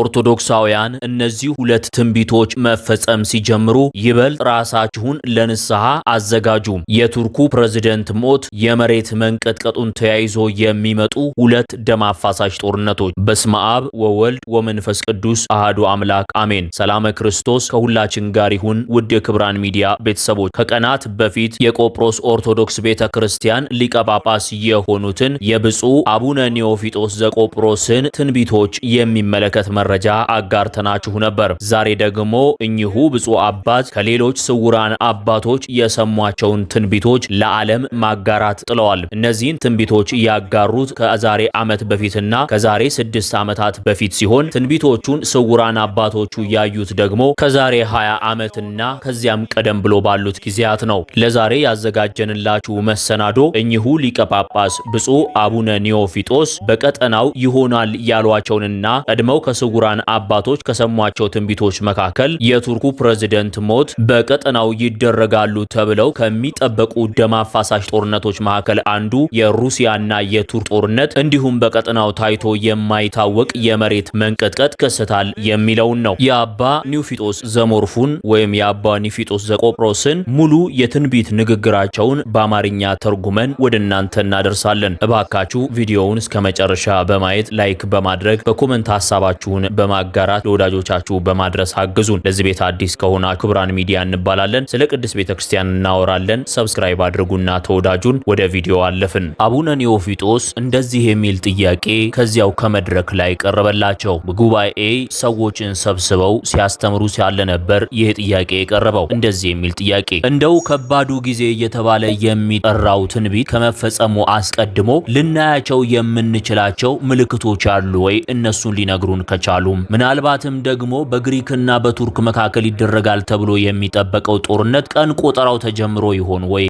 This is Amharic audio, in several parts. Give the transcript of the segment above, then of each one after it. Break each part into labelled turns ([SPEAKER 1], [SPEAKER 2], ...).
[SPEAKER 1] ኦርቶዶክሳውያን እነዚህ ሁለት ትንቢቶች መፈጸም ሲጀምሩ ይበልጥ ራሳችሁን ለንስሐ አዘጋጁ። የቱርኩ ፕሬዝደንት ሞት፣ የመሬት መንቀጥቀጡን ተያይዞ የሚመጡ ሁለት ደም አፋሳሽ ጦርነቶች። በስመ አብ ወወልድ ወመንፈስ ቅዱስ አህዱ አምላክ አሜን። ሰላመ ክርስቶስ ከሁላችን ጋር ይሁን። ውድ የክብራን ሚዲያ ቤተሰቦች ከቀናት በፊት የቆጵሮስ ኦርቶዶክስ ቤተ ክርስቲያን ሊቀ ጳጳስ የሆኑትን የብፁዕ አቡነ ኒዮፊጦስ ዘቆጵሮስን ትንቢቶች የሚመለከት መ መረጃ አጋርተናችሁ ነበር። ዛሬ ደግሞ እኚሁ ብፁዕ አባት ከሌሎች ስውራን አባቶች የሰሟቸውን ትንቢቶች ለዓለም ማጋራት ጥለዋል። እነዚህን ትንቢቶች ያጋሩት ከዛሬ ዓመት በፊትና ከዛሬ ስድስት ዓመታት በፊት ሲሆን ትንቢቶቹን ስውራን አባቶቹ ያዩት ደግሞ ከዛሬ 20 ዓመትና ከዚያም ቀደም ብሎ ባሉት ጊዜያት ነው። ለዛሬ ያዘጋጀንላችሁ መሰናዶ እኚሁ ሊቀ ጳጳስ ብፁዕ አቡነ ኒዮፊጦስ በቀጠናው ይሆናል ያሏቸውንና ቀድመው ከስው ክቡራን አባቶች ከሰሟቸው ትንቢቶች መካከል የቱርኩ ፕሬዝደንት ሞት በቀጠናው ይደረጋሉ ተብለው ከሚጠበቁ ደም አፋሳሽ ጦርነቶች መካከል አንዱ የሩሲያና የቱርክ ጦርነት እንዲሁም በቀጠናው ታይቶ የማይታወቅ የመሬት መንቀጥቀጥ ይከሰታል የሚለውን ነው። የአባ ኒውፊጦስ ዘሞርፉን ወይም የአባ ኒውፊጦስ ዘቆጵሮስን ሙሉ የትንቢት ንግግራቸውን በአማርኛ ተርጉመን ወደ እናንተ እናደርሳለን። እባካችሁ ቪዲዮውን እስከ መጨረሻ በማየት ላይክ በማድረግ በኮመንት ሀሳባችሁ ቪዲዮውን በማጋራት ለወዳጆቻችሁ በማድረስ አግዙን። ለዚህ ቤት አዲስ ከሆነ ክብራን ሚዲያ እንባላለን። ስለ ቅድስት ቤተ ክርስቲያን እናወራለን። ሰብስክራይብ አድርጉና ተወዳጁን። ወደ ቪዲዮ አለፍን። አቡነ ኒዮፊጦስ እንደዚህ የሚል ጥያቄ ከዚያው ከመድረክ ላይ ቀረበላቸው። ጉባኤ ሰዎችን ሰብስበው ሲያስተምሩ ሲያለ ነበር ይህ ጥያቄ የቀረበው። እንደዚህ የሚል ጥያቄ እንደው ከባዱ ጊዜ እየተባለ የሚጠራው ትንቢት ከመፈጸሙ አስቀድሞ ልናያቸው የምንችላቸው ምልክቶች አሉ ወይ? እነሱን ሊነግሩን ከቻ አልቻሉም። ምናልባትም ደግሞ በግሪክና በቱርክ መካከል ይደረጋል ተብሎ የሚጠበቀው ጦርነት ቀን ቆጠራው ተጀምሮ ይሆን ወይ?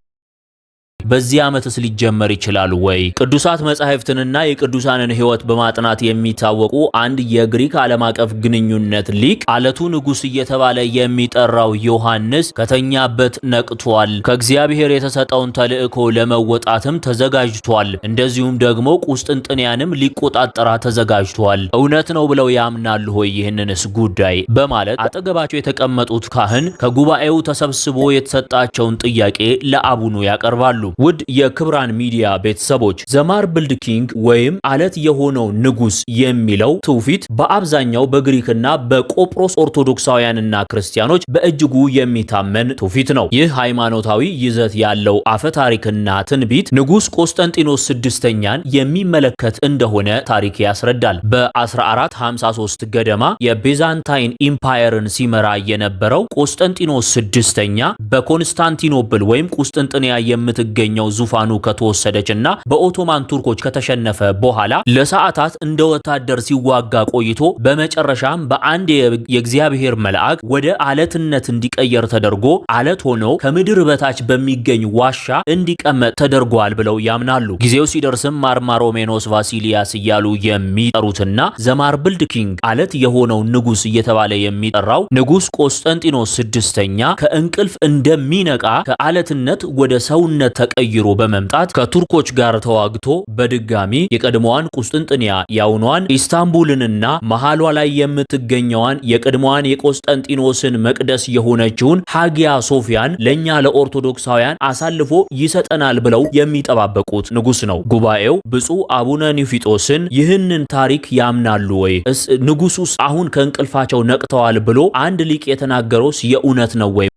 [SPEAKER 1] በዚህ ዓመትስ ሊጀመር ይችላል ወይ? ቅዱሳት መጻሕፍትንና የቅዱሳንን ሕይወት በማጥናት የሚታወቁ አንድ የግሪክ ዓለም አቀፍ ግንኙነት ሊቅ አለቱ ንጉሥ እየተባለ የሚጠራው ዮሐንስ ከተኛበት ነቅቷል። ከእግዚአብሔር የተሰጠውን ተልእኮ ለመወጣትም ተዘጋጅቷል። እንደዚሁም ደግሞ ቁስጥንጥንያንም ሊቆጣጠራ ተዘጋጅቷል። እውነት ነው ብለው ያምናሉ ሆይ ይህንንስ ጉዳይ በማለት አጠገባቸው የተቀመጡት ካህን ከጉባኤው ተሰብስቦ የተሰጣቸውን ጥያቄ ለአቡኑ ያቀርባሉ። ውድ የክብራን ሚዲያ ቤተሰቦች ዘማርብልድ ኪንግ ወይም አለት የሆነው ንጉስ የሚለው ትውፊት በአብዛኛው በግሪክና በቆጵሮስ ኦርቶዶክሳውያንና ክርስቲያኖች በእጅጉ የሚታመን ትውፊት ነው። ይህ ሃይማኖታዊ ይዘት ያለው አፈ ታሪክና ትንቢት ንጉስ ቆስጠንጢኖስ ስድስተኛን የሚመለከት እንደሆነ ታሪክ ያስረዳል። በ1453 ገደማ የቤዛንታይን ኢምፓየርን ሲመራ የነበረው ቆስጠንጢኖስ ስድስተኛ በኮንስታንቲኖፕል ወይም ቁስጥንጥንያ የምትገኝ የሚገኘው ዙፋኑ ከተወሰደችና በኦቶማን ቱርኮች ከተሸነፈ በኋላ ለሰዓታት እንደ ወታደር ሲዋጋ ቆይቶ በመጨረሻም በአንድ የእግዚአብሔር መልአክ ወደ አለትነት እንዲቀየር ተደርጎ አለት ሆኖ ከምድር በታች በሚገኝ ዋሻ እንዲቀመጥ ተደርጓል ብለው ያምናሉ። ጊዜው ሲደርስም ማርማሮሜኖስ ቫሲሊያስ እያሉ የሚጠሩትና ዘማርብልድ ኪንግ አለት የሆነው ንጉስ እየተባለ የሚጠራው ንጉስ ቆስጠንጢኖስ ስድስተኛ ከእንቅልፍ እንደሚነቃ ከአለትነት ወደ ሰውነት ተቀ ቀይሮ በመምጣት ከቱርኮች ጋር ተዋግቶ በድጋሚ የቀድሞዋን ቁስጥንጥንያ ያውኗን ኢስታንቡልንና መሃሏ ላይ የምትገኘዋን የቀድሞዋን የቆስጠንጢኖስን መቅደስ የሆነችውን ሃጊያ ሶፊያን ለእኛ ለኦርቶዶክሳውያን አሳልፎ ይሰጠናል ብለው የሚጠባበቁት ንጉስ ነው። ጉባኤው ብፁዕ አቡነ ኒፊጦስን ይህንን ታሪክ ያምናሉ ወይ? ንጉሱስ አሁን ከእንቅልፋቸው ነቅተዋል ብሎ አንድ ሊቅ የተናገረውስ የእውነት ነው ወይ?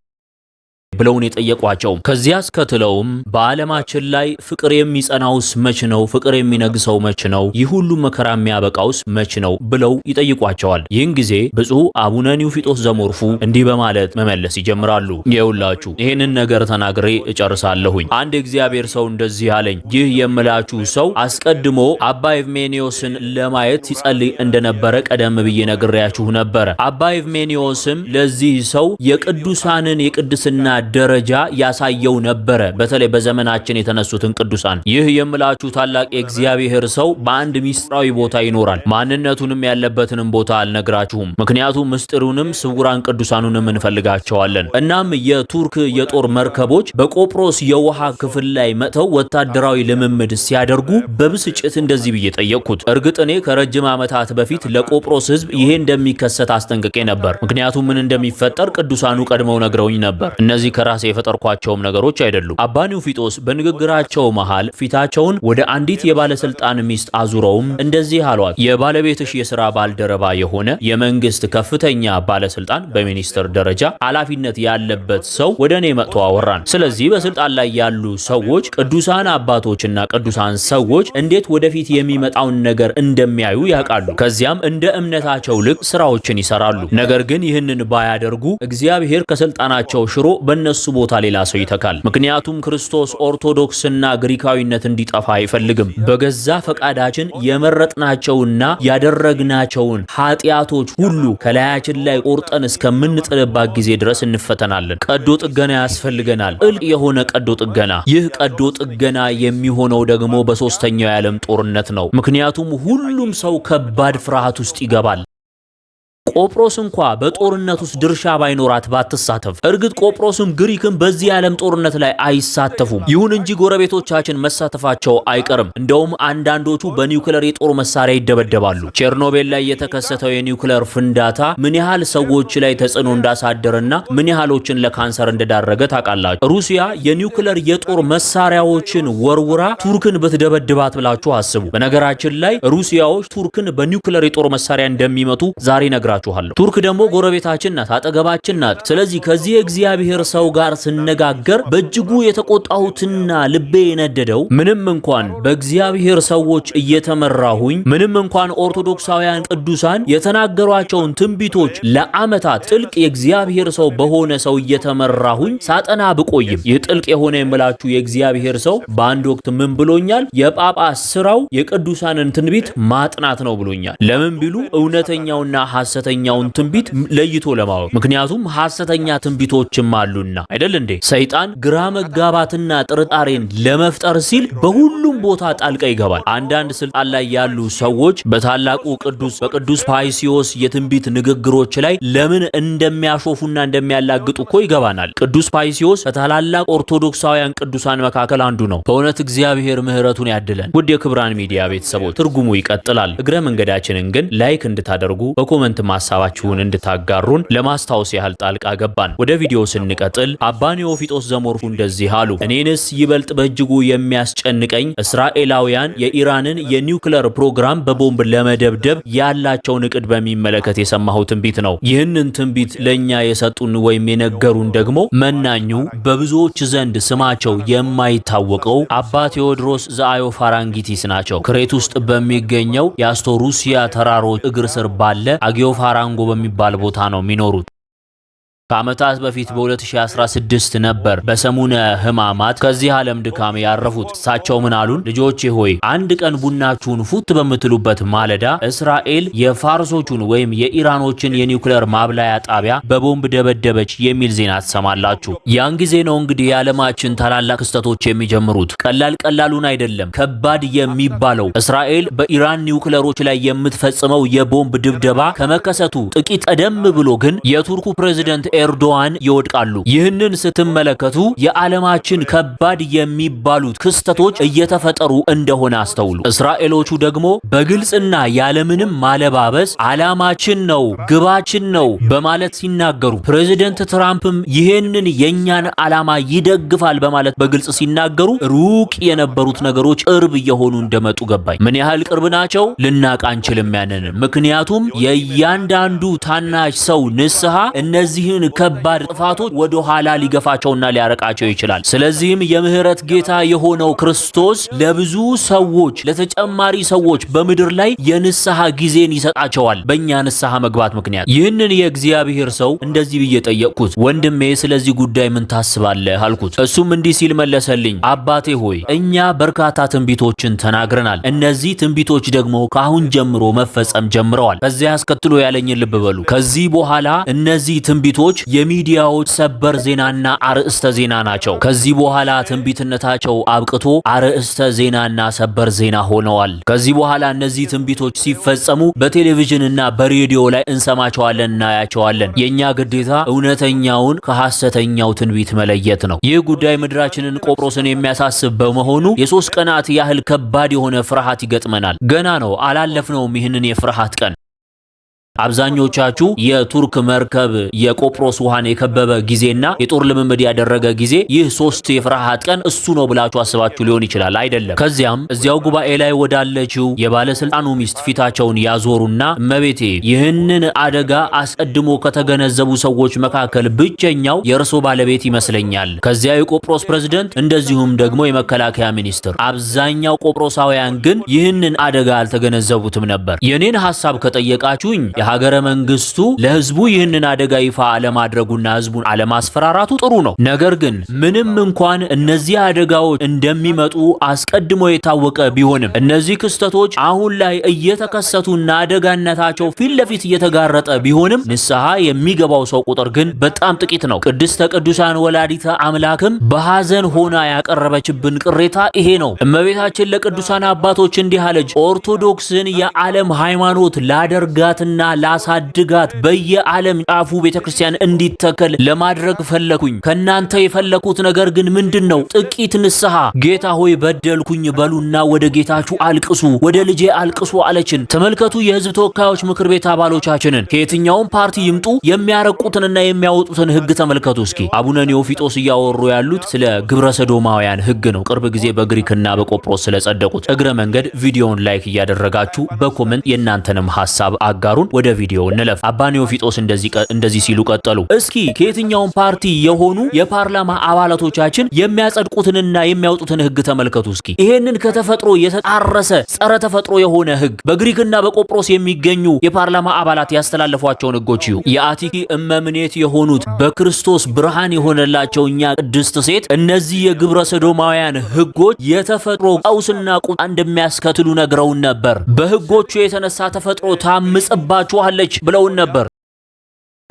[SPEAKER 1] ብለውን የጠየቋቸው። ከዚያ አስከትለውም በዓለማችን ላይ ፍቅር የሚጸናውስ መች ነው? ፍቅር የሚነግሰው መች ነው? ይህ ሁሉ መከራ የሚያበቃውስ መች ነው? ብለው ይጠይቋቸዋል። ይህን ጊዜ ብፁዕ አቡነ ኒውፊጦስ ዘሞርፉ እንዲህ በማለት መመለስ ይጀምራሉ። የውላችሁ ይህንን ነገር ተናግሬ እጨርሳለሁኝ። አንድ እግዚአብሔር ሰው እንደዚህ አለኝ። ይህ የምላችሁ ሰው አስቀድሞ አባ ኤቭሜኒዮስን ለማየት ሲጸልይ እንደነበረ ቀደም ብዬ ነግሬያችሁ ነበረ። አባ ኤቭሜኒዮስም ለዚህ ሰው የቅዱሳንን የቅድስና ደረጃ ያሳየው ነበረ። በተለይ በዘመናችን የተነሱትን ቅዱሳን ይህ የምላችሁ ታላቅ የእግዚአብሔር ሰው በአንድ ሚስጥራዊ ቦታ ይኖራል። ማንነቱንም ያለበትንም ቦታ አልነግራችሁም፣ ምክንያቱም ምስጢሩንም ስውራን ቅዱሳኑንም እንፈልጋቸዋለን። እናም የቱርክ የጦር መርከቦች በቆጵሮስ የውሃ ክፍል ላይ መጥተው ወታደራዊ ልምምድ ሲያደርጉ በብስጭት እንደዚህ ብዬ ጠየቅኩት። እርግጥ እኔ ከረጅም ዓመታት በፊት ለቆጵሮስ ሕዝብ ይሄ እንደሚከሰት አስጠንቅቄ ነበር፣ ምክንያቱም ምን እንደሚፈጠር ቅዱሳኑ ቀድመው ነግረውኝ ነበር። እነዚህ ከራሴ የፈጠርኳቸውም ነገሮች አይደሉም። አባ ኒውፊጦስ በንግግራቸው መሃል ፊታቸውን ወደ አንዲት የባለስልጣን ሚስት አዙረውም እንደዚህ አሏት። የባለቤትሽ የሥራ ባልደረባ የሆነ የመንግስት ከፍተኛ ባለስልጣን በሚኒስትር ደረጃ ኃላፊነት ያለበት ሰው ወደ እኔ መጥቶ አወራን። ስለዚህ በስልጣን ላይ ያሉ ሰዎች ቅዱሳን አባቶችና ቅዱሳን ሰዎች እንዴት ወደፊት የሚመጣውን ነገር እንደሚያዩ ያውቃሉ። ከዚያም እንደ እምነታቸው ልክ ስራዎችን ይሰራሉ። ነገር ግን ይህንን ባያደርጉ እግዚአብሔር ከስልጣናቸው ሽሮ በነ በእነሱ ቦታ ሌላ ሰው ይተካል። ምክንያቱም ክርስቶስ ኦርቶዶክስና ግሪካዊነት እንዲጠፋ አይፈልግም። በገዛ ፈቃዳችን የመረጥናቸውና ያደረግናቸውን ኃጢአቶች ሁሉ ከላያችን ላይ ቆርጠን እስከምንጥልባት ጊዜ ድረስ እንፈተናለን። ቀዶ ጥገና ያስፈልገናል። ጥልቅ የሆነ ቀዶ ጥገና። ይህ ቀዶ ጥገና የሚሆነው ደግሞ በሶስተኛው የዓለም ጦርነት ነው። ምክንያቱም ሁሉም ሰው ከባድ ፍርሃት ውስጥ ይገባል። ቆጵሮስ እንኳ በጦርነት ውስጥ ድርሻ ባይኖራት ባትሳተፍ፣ እርግጥ ቆጵሮስም ግሪክም በዚህ የዓለም ጦርነት ላይ አይሳተፉም። ይሁን እንጂ ጎረቤቶቻችን መሳተፋቸው አይቀርም። እንደውም አንዳንዶቹ በኒውክለር የጦር መሳሪያ ይደበደባሉ። ቼርኖቤል ላይ የተከሰተው የኒውክለር ፍንዳታ ምን ያህል ሰዎች ላይ ተጽዕኖ እንዳሳደረና ምን ያህሎችን ለካንሰር እንደዳረገ ታውቃላችሁ። ሩሲያ የኒውክለር የጦር መሳሪያዎችን ወርውራ ቱርክን ብትደበድባት ብላችሁ አስቡ። በነገራችን ላይ ሩሲያዎች ቱርክን በኒውክለር የጦር መሳሪያ እንደሚመቱ ዛሬ ነግራል እላችኋለሁ። ቱርክ ደግሞ ጎረቤታችን ናት፣ አጠገባችን ናት። ስለዚህ ከዚህ የእግዚአብሔር ሰው ጋር ስነጋገር በእጅጉ የተቆጣሁትና ልቤ የነደደው ምንም እንኳን በእግዚአብሔር ሰዎች እየተመራሁኝ ምንም እንኳን ኦርቶዶክሳውያን ቅዱሳን የተናገሯቸውን ትንቢቶች ለዓመታት ጥልቅ የእግዚአብሔር ሰው በሆነ ሰው እየተመራሁኝ ሳጠና ብቆይም ይህ ጥልቅ የሆነ የምላችሁ የእግዚአብሔር ሰው በአንድ ወቅት ምን ብሎኛል? የጳጳስ ስራው የቅዱሳንን ትንቢት ማጥናት ነው ብሎኛል። ለምን ቢሉ እውነተኛውና ሐሰ ሐሰተኛውን ትንቢት ለይቶ ለማወቅ ምክንያቱም ሐሰተኛ ትንቢቶችም አሉና አይደል እንዴ? ሰይጣን ግራ መጋባትና ጥርጣሬን ለመፍጠር ሲል በሁሉም ቦታ ጣልቃ ይገባል። አንዳንድ ስልጣን ላይ ያሉ ሰዎች በታላቁ ቅዱስ በቅዱስ ፓይሲዮስ የትንቢት ንግግሮች ላይ ለምን እንደሚያሾፉና እንደሚያላግጡ እኮ ይገባናል። ቅዱስ ፓይሲዮስ ከታላላቅ ኦርቶዶክሳውያን ቅዱሳን መካከል አንዱ ነው። በእውነት እግዚአብሔር ምሕረቱን ያድለን። ውድ የክብራን ሚዲያ ቤተሰቦች ትርጉሙ ይቀጥላል። እግረ መንገዳችንን ግን ላይክ እንድታደርጉ በኮመንት ሀሳባችሁን እንድታጋሩን ለማስታወስ ያህል ጣልቃ ገባን። ወደ ቪዲዮ ስንቀጥል አባ ኔዎፊጦስ ዘሞርኩ እንደዚህ አሉ። እኔንስ ይበልጥ በእጅጉ የሚያስጨንቀኝ እስራኤላውያን የኢራንን የኒውክለር ፕሮግራም በቦምብ ለመደብደብ ያላቸውን እቅድ በሚመለከት የሰማሁ ትንቢት ነው። ይህንን ትንቢት ለእኛ የሰጡን ወይም የነገሩን ደግሞ መናኙ በብዙዎች ዘንድ ስማቸው የማይታወቀው አባ ቴዎድሮስ ፋራንጊቲስ ናቸው። ክሬት ውስጥ በሚገኘው የአስቶሩሲያ ተራሮች እግር ስር ባለ አጌዮ ፋራንጎ በሚባል ቦታ ነው የሚኖሩት። ከዓመታት በፊት በ2016 ነበር በሰሙነ ሕማማት ከዚህ ዓለም ድካም ያረፉት። እሳቸው ምን አሉን? ልጆቼ ሆይ አንድ ቀን ቡናችሁን ፉት በምትሉበት ማለዳ እስራኤል የፋርሶቹን ወይም የኢራኖችን የኒውክሌር ማብላያ ጣቢያ በቦምብ ደበደበች የሚል ዜና ትሰማላችሁ። ያን ጊዜ ነው እንግዲህ የዓለማችን ታላላቅ ክስተቶች የሚጀምሩት። ቀላል ቀላሉን አይደለም ከባድ የሚባለው እስራኤል በኢራን ኒውክሌሮች ላይ የምትፈጽመው የቦምብ ድብደባ ከመከሰቱ ጥቂት ቀደም ብሎ ግን የቱርኩ ፕሬዚደንት ኤርዶዋን ይወድቃሉ። ይህንን ስትመለከቱ የዓለማችን ከባድ የሚባሉት ክስተቶች እየተፈጠሩ እንደሆነ አስተውሉ። እስራኤሎቹ ደግሞ በግልጽና ያለምንም ማለባበስ ዓላማችን ነው፣ ግባችን ነው በማለት ሲናገሩ፣ ፕሬዚደንት ትራምፕም ይህንን የእኛን ዓላማ ይደግፋል በማለት በግልጽ ሲናገሩ ሩቅ የነበሩት ነገሮች ቅርብ እየሆኑ እንደመጡ ገባኝ። ምን ያህል ቅርብ ናቸው ልናቅ አንችልም ያንን። ምክንያቱም የእያንዳንዱ ታናሽ ሰው ንስሐ እነዚህን ከባድ ጥፋቶች ወደ ኋላ ሊገፋቸውና ሊያረቃቸው ይችላል። ስለዚህም የምህረት ጌታ የሆነው ክርስቶስ ለብዙ ሰዎች ለተጨማሪ ሰዎች በምድር ላይ የንስሐ ጊዜን ይሰጣቸዋል። በእኛ ንስሐ መግባት ምክንያት ይህንን የእግዚአብሔር ሰው እንደዚህ ብዬ ጠየቅኩት፣ ወንድሜ ስለዚህ ጉዳይ ምን ታስባለህ አልኩት። እሱም እንዲህ ሲል መለሰልኝ፣ አባቴ ሆይ እኛ በርካታ ትንቢቶችን ተናግረናል። እነዚህ ትንቢቶች ደግሞ ከአሁን ጀምሮ መፈጸም ጀምረዋል። ከዚያ አስከትሎ ያለኝን ልብ በሉ። ከዚህ በኋላ እነዚህ ትንቢቶች የሚዲያዎች ሰበር ዜናና አርዕስተ ዜና ናቸው። ከዚህ በኋላ ትንቢትነታቸው አብቅቶ አርዕስተ ዜናና ሰበር ዜና ሆነዋል። ከዚህ በኋላ እነዚህ ትንቢቶች ሲፈጸሙ በቴሌቪዥንና በሬዲዮ ላይ እንሰማቸዋለን፣ እናያቸዋለን። የእኛ ግዴታ እውነተኛውን ከሐሰተኛው ትንቢት መለየት ነው። ይህ ጉዳይ ምድራችንን ቆጵሮስን የሚያሳስብ በመሆኑ የሶስት ቀናት ያህል ከባድ የሆነ ፍርሃት ይገጥመናል። ገና ነው፣ አላለፍነውም ይህንን የፍርሃት ቀን። አብዛኞቻችሁ የቱርክ መርከብ የቆጵሮስ ውሃን የከበበ ጊዜና የጦር ልምምድ ያደረገ ጊዜ ይህ ሶስት የፍርሃት ቀን እሱ ነው ብላችሁ አስባችሁ ሊሆን ይችላል። አይደለም። ከዚያም እዚያው ጉባኤ ላይ ወዳለችው የባለስልጣኑ ሚስት ፊታቸውን ያዞሩና እመቤቴ፣ ይህንን አደጋ አስቀድሞ ከተገነዘቡ ሰዎች መካከል ብቸኛው የእርሶ ባለቤት ይመስለኛል። ከዚያ የቆጵሮስ ፕሬዝደንት እንደዚሁም ደግሞ የመከላከያ ሚኒስትር። አብዛኛው ቆጵሮሳውያን ግን ይህንን አደጋ አልተገነዘቡትም ነበር። የኔን ሀሳብ ከጠየቃችሁኝ ሀገረ መንግስቱ ለህዝቡ ይህንን አደጋ ይፋ አለማድረጉና ህዝቡን አለማስፈራራቱ ጥሩ ነው። ነገር ግን ምንም እንኳን እነዚህ አደጋዎች እንደሚመጡ አስቀድሞ የታወቀ ቢሆንም እነዚህ ክስተቶች አሁን ላይ እየተከሰቱና አደጋነታቸው ፊት ለፊት እየተጋረጠ ቢሆንም ንስሐ የሚገባው ሰው ቁጥር ግን በጣም ጥቂት ነው። ቅድስተ ቅዱሳን ወላዲተ አምላክም በሐዘን ሆና ያቀረበችብን ቅሬታ ይሄ ነው። እመቤታችን ለቅዱሳን አባቶች እንዲህ አለች፣ ኦርቶዶክስን የዓለም ሃይማኖት ላደርጋትና ላሳድጋት በየዓለም ጫፉ ቤተክርስቲያን እንዲተከል ለማድረግ ፈለኩኝ። ከናንተ የፈለኩት ነገር ግን ምንድን ነው? ጥቂት ንስሐ። ጌታ ሆይ በደልኩኝ በሉና ወደ ጌታችሁ አልቅሱ፣ ወደ ልጄ አልቅሱ አለችን። ተመልከቱ የህዝብ ተወካዮች ምክር ቤት አባሎቻችንን ከየትኛውም ፓርቲ ይምጡ የሚያረቁትንና የሚያወጡትን ህግ ተመልከቱ። እስኪ አቡነ ኒዮፊጦስ እያወሩ ያሉት ስለ ግብረ ሰዶማውያን ህግ ነው። ቅርብ ጊዜ በግሪክና በቆጵሮስ ስለጸደቁት እግረ መንገድ ቪዲዮውን ላይክ እያደረጋችሁ በኮመንት የእናንተንም ሀሳብ አጋሩን። ወደ ቪዲዮ እንለፍ። አባ ኒዮፊጦስ እንደዚህ ሲሉ ቀጠሉ። እስኪ ከየትኛውም ፓርቲ የሆኑ የፓርላማ አባላቶቻችን የሚያጸድቁትንና የሚያወጡትን ህግ ተመልከቱ። እስኪ ይሄንን ከተፈጥሮ የተጣረሰ ጸረ ተፈጥሮ የሆነ ህግ በግሪክና በቆጵሮስ የሚገኙ የፓርላማ አባላት ያስተላለፏቸውን ህጎች እዩ። የአቲኪ እመምኔት የሆኑት በክርስቶስ ብርሃን የሆነላቸው እኛ ቅድስት ሴት እነዚህ የግብረ ሰዶማውያን ህጎች የተፈጥሮ ቀውስና ቁጣ እንደሚያስከትሉ ነግረውን ነበር። በህጎቹ የተነሳ ተፈጥሮ ታምጽባ ትሰጣችኋለች ብለውን ነበር።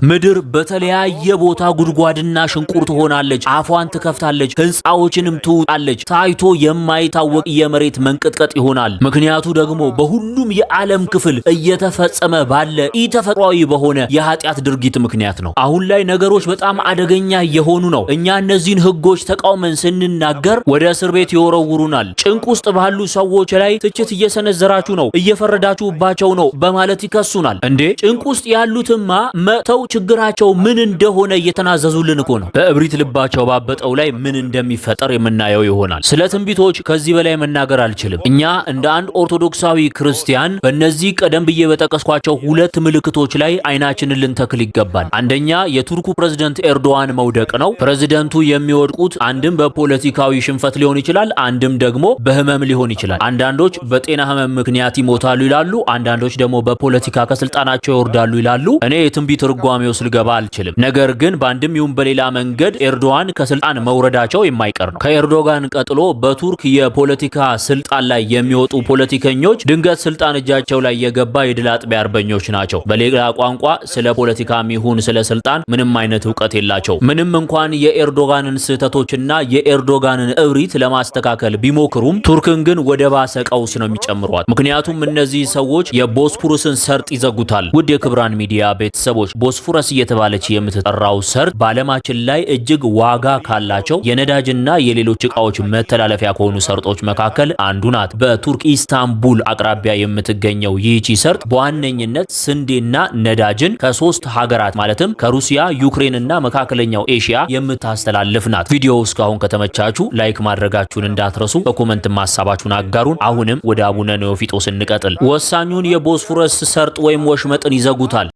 [SPEAKER 1] ምድር በተለያየ ቦታ ጉድጓድና ሽንቁር ትሆናለች። አፏን ትከፍታለች፣ ሕንፃዎችንም ትውጣለች። ታይቶ የማይታወቅ የመሬት መንቀጥቀጥ ይሆናል። ምክንያቱ ደግሞ በሁሉም የዓለም ክፍል እየተፈጸመ ባለ ኢተፈጥሯዊ በሆነ የኃጢአት ድርጊት ምክንያት ነው። አሁን ላይ ነገሮች በጣም አደገኛ እየሆኑ ነው። እኛ እነዚህን ህጎች ተቃውመን ስንናገር ወደ እስር ቤት ይወረውሩናል። ጭንቅ ውስጥ ባሉ ሰዎች ላይ ትችት እየሰነዘራችሁ ነው፣ እየፈረዳችሁባቸው ነው በማለት ይከሱናል። እንዴ ጭንቅ ውስጥ ያሉትማ መጥተው ችግራቸው ምን እንደሆነ እየተናዘዙልን እኮ ነው። በእብሪት ልባቸው ባበጠው ላይ ምን እንደሚፈጠር የምናየው ይሆናል። ስለ ትንቢቶች ከዚህ በላይ መናገር አልችልም። እኛ እንደ አንድ ኦርቶዶክሳዊ ክርስቲያን በእነዚህ ቀደም ብዬ በጠቀስኳቸው ሁለት ምልክቶች ላይ አይናችንን ልንተክል ይገባል። አንደኛ የቱርኩ ፕሬዝደንት ኤርዶዋን መውደቅ ነው። ፕሬዝደንቱ የሚወድቁት አንድም በፖለቲካዊ ሽንፈት ሊሆን ይችላል፣ አንድም ደግሞ በህመም ሊሆን ይችላል። አንዳንዶች በጤና ህመም ምክንያት ይሞታሉ ይላሉ፣ አንዳንዶች ደግሞ በፖለቲካ ከስልጣናቸው ይወርዳሉ ይላሉ። እኔ የትንቢት ርጓ ድምዳሜ ውስጥ ልገባ አልችልም። ነገር ግን በአንድም ይሁን በሌላ መንገድ ኤርዶዋን ከስልጣን መውረዳቸው የማይቀር ነው። ከኤርዶጋን ቀጥሎ በቱርክ የፖለቲካ ስልጣን ላይ የሚወጡ ፖለቲከኞች ድንገት ስልጣን እጃቸው ላይ የገባ የድል አጥቢያ አርበኞች ናቸው። በሌላ ቋንቋ ስለ ፖለቲካም ይሁን ስለ ስልጣን ምንም አይነት እውቀት የላቸው። ምንም እንኳን የኤርዶጋንን ስህተቶችና የኤርዶጋንን እብሪት ለማስተካከል ቢሞክሩም ቱርክን ግን ወደ ባሰ ቀውስ ነው የሚጨምሯት። ምክንያቱም እነዚህ ሰዎች የቦስፖረስን ሰርጥ ይዘጉታል። ውድ የክብራን ሚዲያ ቤተሰቦች ቦስፎ ፍረስ እየተባለች የምትጠራው ሰርጥ በዓለማችን ላይ እጅግ ዋጋ ካላቸው የነዳጅና የሌሎች እቃዎች መተላለፊያ ከሆኑ ሰርጦች መካከል አንዱ ናት። በቱርክ ኢስታንቡል አቅራቢያ የምትገኘው ይህቺ ሰርጥ በዋነኝነት ስንዴና ነዳጅን ከሶስት ሀገራት ማለትም ከሩሲያ፣ ዩክሬንና መካከለኛው ኤሽያ የምታስተላልፍ ናት። ቪዲዮ እስካሁን ከተመቻቹ ላይክ ማድረጋችሁን እንዳትረሱ፣ በኮመንት ማሳባችሁን አጋሩን። አሁንም ወደ አቡነ ኔዎፊጦስ እንቀጥል። ወሳኙን የቦስፎረስ ሰርጥ ወይም ወሽመጥን ይዘጉታል።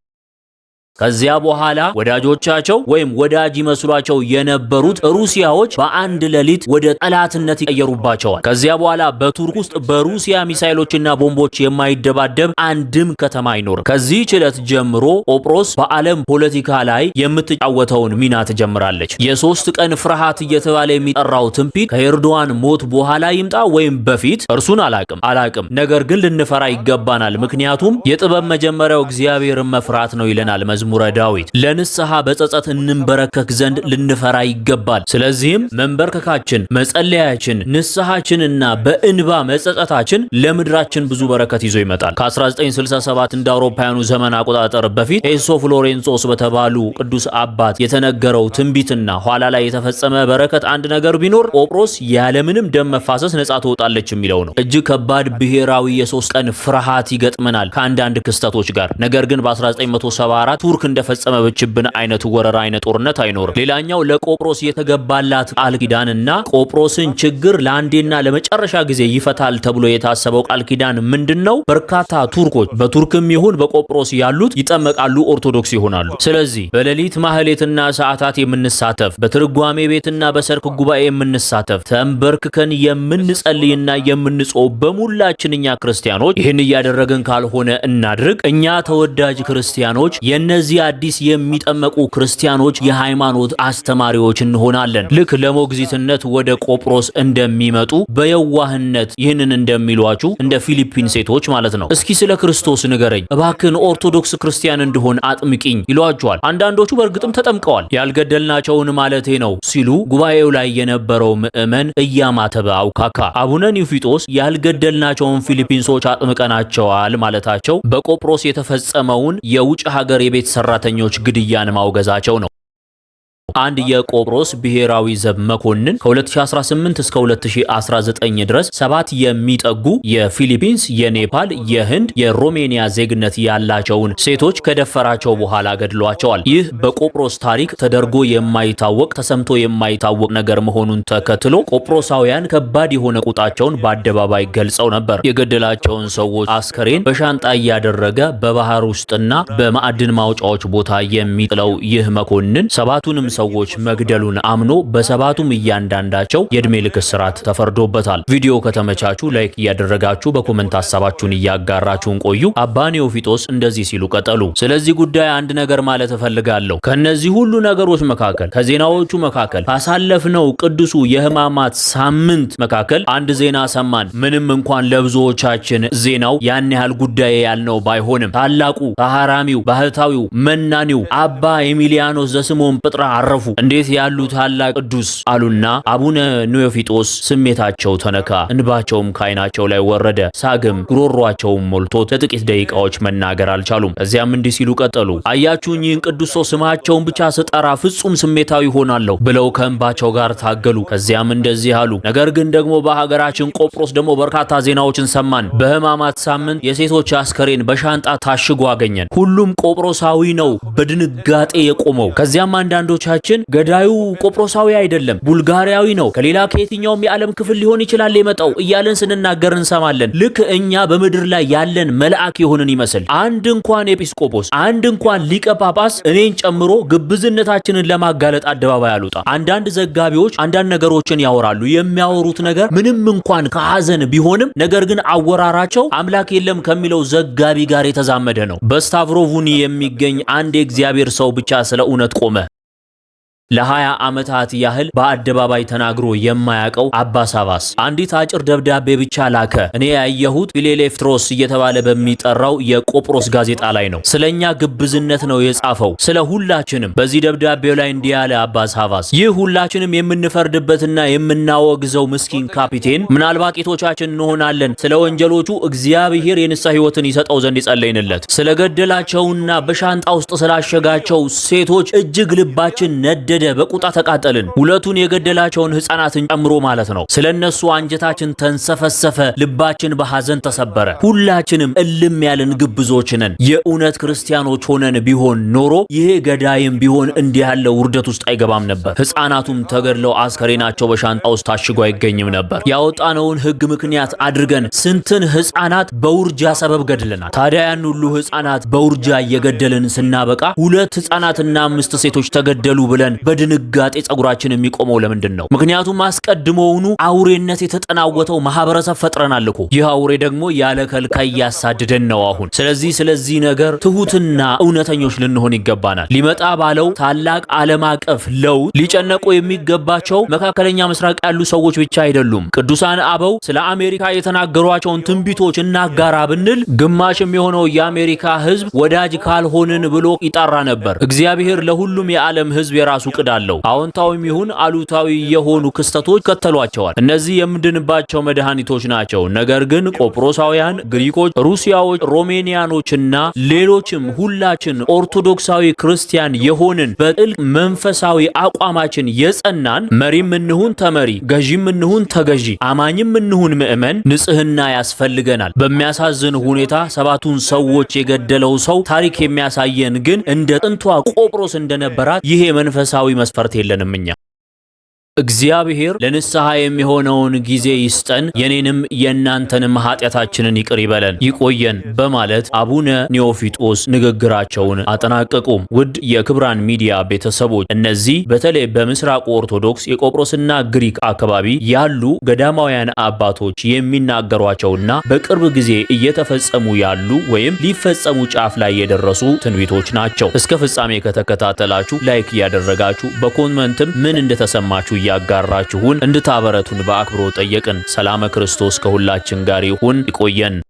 [SPEAKER 1] ከዚያ በኋላ ወዳጆቻቸው ወይም ወዳጅ ይመስሏቸው የነበሩት ሩሲያዎች በአንድ ሌሊት ወደ ጠላትነት ይቀየሩባቸዋል። ከዚያ በኋላ በቱርክ ውስጥ በሩሲያ ሚሳይሎችና ቦምቦች የማይደባደብ አንድም ከተማ አይኖርም። ከዚህ ችለት ጀምሮ ቆጵሮስ በዓለም ፖለቲካ ላይ የምትጫወተውን ሚና ትጀምራለች። የሶስት ቀን ፍርሃት እየተባለ የሚጠራው ትንቢት ከኤርዶዋን ሞት በኋላ ይምጣ ወይም በፊት እርሱን አላቅም አላቅም፣ ነገር ግን ልንፈራ ይገባናል። ምክንያቱም የጥበብ መጀመሪያው እግዚአብሔርን መፍራት ነው ይለናል መዝሙር መዝሙረ ዳዊት ለንስሐ በጸጸት እንንበረከክ ዘንድ ልንፈራ ይገባል። ስለዚህም መንበርከካችን፣ መጸለያችን፣ ንስሐችንና በእንባ መጸጸታችን ለምድራችን ብዙ በረከት ይዞ ይመጣል። ከ1967 እንደ አውሮፓውያኑ ዘመን አቆጣጠር በፊት ኤሶ ፍሎሬንጾስ በተባሉ ቅዱስ አባት የተነገረው ትንቢትና ኋላ ላይ የተፈጸመ በረከት አንድ ነገር ቢኖር ቆጵሮስ ያለምንም ደም መፋሰስ ነጻ ትወጣለች የሚለው ነው። እጅግ ከባድ ብሔራዊ የሶስት ቀን ፍርሃት ይገጥመናል ከአንዳንድ ክስተቶች ጋር። ነገር ግን በ1974 ቱርክ እንደፈጸመችብን አይነት ወረራ አይነት ጦርነት አይኖርም። ሌላኛው ለቆጵሮስ የተገባላት ቃል ኪዳንና ቆጵሮስን ችግር ለአንዴና ለመጨረሻ ጊዜ ይፈታል ተብሎ የታሰበው ቃል ኪዳን ምንድን ነው? በርካታ ቱርኮች በቱርክም ይሁን በቆጵሮስ ያሉት ይጠመቃሉ፣ ኦርቶዶክስ ይሆናሉ። ስለዚህ በሌሊት ማህሌትና ሰዓታት የምንሳተፍ በትርጓሜ ቤትና በሰርክ ጉባኤ የምንሳተፍ ተንበርክከን የምንጸልይና የምንጾም በሙላችን እኛ ክርስቲያኖች ይህን እያደረግን ካልሆነ እናድርግ። እኛ ተወዳጅ ክርስቲያኖች የነ እነዚህ አዲስ የሚጠመቁ ክርስቲያኖች የሃይማኖት አስተማሪዎች እንሆናለን። ልክ ለሞግዚትነት ወደ ቆጵሮስ እንደሚመጡ በየዋህነት ይህንን እንደሚሏችሁ እንደ ፊሊፒን ሴቶች ማለት ነው። እስኪ ስለ ክርስቶስ ንገረኝ እባክን፣ ኦርቶዶክስ ክርስቲያን እንደሆን አጥምቂኝ ይሏቸዋል። አንዳንዶቹ በእርግጥም ተጠምቀዋል። ያልገደልናቸውን ማለቴ ነው ሲሉ ጉባኤው ላይ የነበረው ምዕመን እያማተበ አውካካ። አቡነ ኒውፊጦስ ያልገደልናቸውን ፊሊፒንሶች አጥምቀናቸዋል ማለታቸው በቆጵሮስ የተፈጸመውን የውጭ ሀገር የቤት ሰራተኞች ግድያን ማውገዛቸው ነው። አንድ የቆጵሮስ ብሔራዊ ዘብ መኮንን ከ2018 እስከ 2019 ድረስ ሰባት የሚጠጉ የፊሊፒንስ፣ የኔፓል፣ የህንድ፣ የሮሜኒያ ዜግነት ያላቸውን ሴቶች ከደፈራቸው በኋላ ገድሏቸዋል። ይህ በቆጵሮስ ታሪክ ተደርጎ የማይታወቅ ተሰምቶ የማይታወቅ ነገር መሆኑን ተከትሎ ቆጵሮሳውያን ከባድ የሆነ ቁጣቸውን በአደባባይ ገልጸው ነበር። የገደላቸውን ሰዎች አስከሬን በሻንጣ እያደረገ በባህር ውስጥና በማዕድን ማውጫዎች ቦታ የሚጥለው ይህ መኮንን ሰባቱንም ሰዎች መግደሉን አምኖ በሰባቱም እያንዳንዳቸው የእድሜ ልክ እስራት ተፈርዶበታል። ቪዲዮ ከተመቻቹ ላይክ እያደረጋችሁ በኮመንት ሀሳባችሁን እያጋራችሁን ቆዩ። አባ ኔዎፊጦስ እንደዚህ ሲሉ ቀጠሉ። ስለዚህ ጉዳይ አንድ ነገር ማለት እፈልጋለሁ። ከነዚህ ሁሉ ነገሮች መካከል ከዜናዎቹ መካከል ካሳለፍነው ቅዱሱ የሕማማት ሳምንት መካከል አንድ ዜና ሰማን። ምንም እንኳን ለብዙዎቻችን ዜናው ያን ያህል ጉዳይ ያልነው ባይሆንም ታላቁ ታሃራሚው ባህታዊው መናኒው አባ ኤሚሊያኖስ ዘስሞን ጴጥራ አረፉ። እንዴት ያሉ ታላቅ ቅዱስ አሉና አቡነ ኒዮፊጦስ ስሜታቸው ተነካ፣ እንባቸውም ከዓይናቸው ላይ ወረደ፣ ሳግም ጉሮሯቸውም ሞልቶ ለጥቂት ደቂቃዎች መናገር አልቻሉም። ከዚያም እንዲህ ሲሉ ቀጠሉ። አያችሁኝ ይህን ቅዱስ ሰው ስማቸውን ብቻ ስጠራ ፍጹም ስሜታዊ ሆናለሁ ብለው ከእንባቸው ጋር ታገሉ። ከዚያም እንደዚህ አሉ። ነገር ግን ደግሞ በሀገራችን ቆጵሮስ ደግሞ በርካታ ዜናዎችን ሰማን። በህማማት ሳምንት የሴቶች አስከሬን በሻንጣ ታሽጎ አገኘን። ሁሉም ቆጵሮሳዊ ነው በድንጋጤ የቆመው። ከዚያም አንዳንዶች ጌታችን ገዳዩ ቆጵሮሳዊ አይደለም፣ ቡልጋሪያዊ ነው፣ ከሌላ ከየትኛውም የዓለም ክፍል ሊሆን ይችላል የመጣው እያለን ስንናገር እንሰማለን። ልክ እኛ በምድር ላይ ያለን መልአክ የሆንን ይመስል አንድ እንኳን ኤጲስቆጶስ አንድ እንኳን ሊቀ ጳጳስ እኔን ጨምሮ ግብዝነታችንን ለማጋለጥ አደባባይ አልወጣ። አንዳንድ ዘጋቢዎች አንዳንድ ነገሮችን ያወራሉ። የሚያወሩት ነገር ምንም እንኳን ከሐዘን ቢሆንም ነገር ግን አወራራቸው አምላክ የለም ከሚለው ዘጋቢ ጋር የተዛመደ ነው። በስታቭሮቭኒ የሚገኝ አንድ የእግዚአብሔር ሰው ብቻ ስለ እውነት ቆመ። ለ20 ዓመታት ያህል በአደባባይ ተናግሮ የማያውቀው አባስ አባስ አንዲት አጭር ደብዳቤ ብቻ ላከ። እኔ ያየሁት ፊሌሌፍትሮስ እየተባለ በሚጠራው የቆጵሮስ ጋዜጣ ላይ ነው። ስለኛ ግብዝነት ነው የጻፈው፣ ስለ ሁላችንም። በዚህ ደብዳቤው ላይ እንዲህ ያለ አባስ አባስ፣ ይህ ሁላችንም የምንፈርድበትና የምናወግዘው ምስኪን ካፒቴን፣ ምናልባት ቄቶቻችን እንሆናለን። ስለ ወንጀሎቹ እግዚአብሔር የንስሐ ሕይወትን ይሰጠው ዘንድ ይጸለይንለት። ስለ ገደላቸውና በሻንጣ ውስጥ ስላሸጋቸው ሴቶች እጅግ ልባችን ነደ እየነደደ በቁጣ ተቃጠልን። ሁለቱን የገደላቸውን ህፃናትን ጨምሮ ማለት ነው። ስለ እነሱ አንጀታችን ተንሰፈሰፈ፣ ልባችን በሐዘን ተሰበረ። ሁላችንም እልም ያልን ግብዞች ነን። የእውነት ክርስቲያኖች ሆነን ቢሆን ኖሮ ይሄ ገዳይም ቢሆን እንዲህ ያለ ውርደት ውስጥ አይገባም ነበር። ህፃናቱም ተገድለው አስከሬናቸው በሻንጣ ውስጥ ታሽጎ አይገኝም ነበር። ያወጣነውን ህግ ምክንያት አድርገን ስንትን ህፃናት በውርጃ ሰበብ ገድለናል። ታዲያ ያን ሁሉ ህፃናት በውርጃ እየገደልን ስናበቃ ሁለት ህፃናትና አምስት ሴቶች ተገደሉ ብለን በድንጋጤ ጸጉራችን የሚቆመው ለምንድን ነው? ምክንያቱም አስቀድሞውኑ አውሬነት የተጠናወተው ማህበረሰብ ፈጥረናል እኮ። ይህ አውሬ ደግሞ ያለ ከልካይ እያሳድደን ነው አሁን። ስለዚህ ስለዚህ ነገር ትሁትና እውነተኞች ልንሆን ይገባናል። ሊመጣ ባለው ታላቅ ዓለም አቀፍ ለውጥ ሊጨነቁ የሚገባቸው መካከለኛ ምስራቅ ያሉ ሰዎች ብቻ አይደሉም። ቅዱሳን አበው ስለ አሜሪካ የተናገሯቸውን ትንቢቶች እናጋራ ብንል ግማሽ የሚሆነው የአሜሪካ ህዝብ ወዳጅ ካልሆንን ብሎ ይጣራ ነበር። እግዚአብሔር ለሁሉም የዓለም ህዝብ የራሱ አለው። አዎንታዊም ይሁን አሉታዊ የሆኑ ክስተቶች ከተሏቸዋል። እነዚህ የምድንባቸው መድኃኒቶች ናቸው። ነገር ግን ቆጵሮሳውያን፣ ግሪኮች፣ ሩሲያዎች፣ ሮሜኒያኖችና ሌሎችም ሁላችን ኦርቶዶክሳዊ ክርስቲያን የሆንን በጥልቅ መንፈሳዊ አቋማችን የጸናን መሪም እንሁን ተመሪ፣ ገዢም እንሁን ተገዢ፣ አማኝም እንሁን ምእመን ንጽህና ያስፈልገናል። በሚያሳዝን ሁኔታ ሰባቱን ሰዎች የገደለው ሰው ታሪክ የሚያሳየን ግን እንደ ጥንቷ ቆጵሮስ እንደነበራት ይሄ መንፈሳዊ ጾታዊ መስፈርት የለንም እኛ እግዚአብሔር ለንስሐ የሚሆነውን ጊዜ ይስጠን፣ የኔንም የእናንተንም ኃጢአታችንን ይቅር ይበለን ይቆየን በማለት አቡነ ኒዮፊጦስ ንግግራቸውን አጠናቀቁም። ውድ የክብራን ሚዲያ ቤተሰቦች እነዚህ በተለይ በምስራቁ ኦርቶዶክስ የቆጵሮስና ግሪክ አካባቢ ያሉ ገዳማውያን አባቶች የሚናገሯቸውና በቅርብ ጊዜ እየተፈጸሙ ያሉ ወይም ሊፈጸሙ ጫፍ ላይ የደረሱ ትንቢቶች ናቸው። እስከ ፍጻሜ ከተከታተላችሁ ላይክ እያደረጋችሁ በኮመንትም ምን እንደተሰማችሁ እያጋራችሁን እንድታበረቱን በአክብሮ ጠየቅን። ሰላመ ክርስቶስ ከሁላችን ጋር ይሁን። ይቆየን።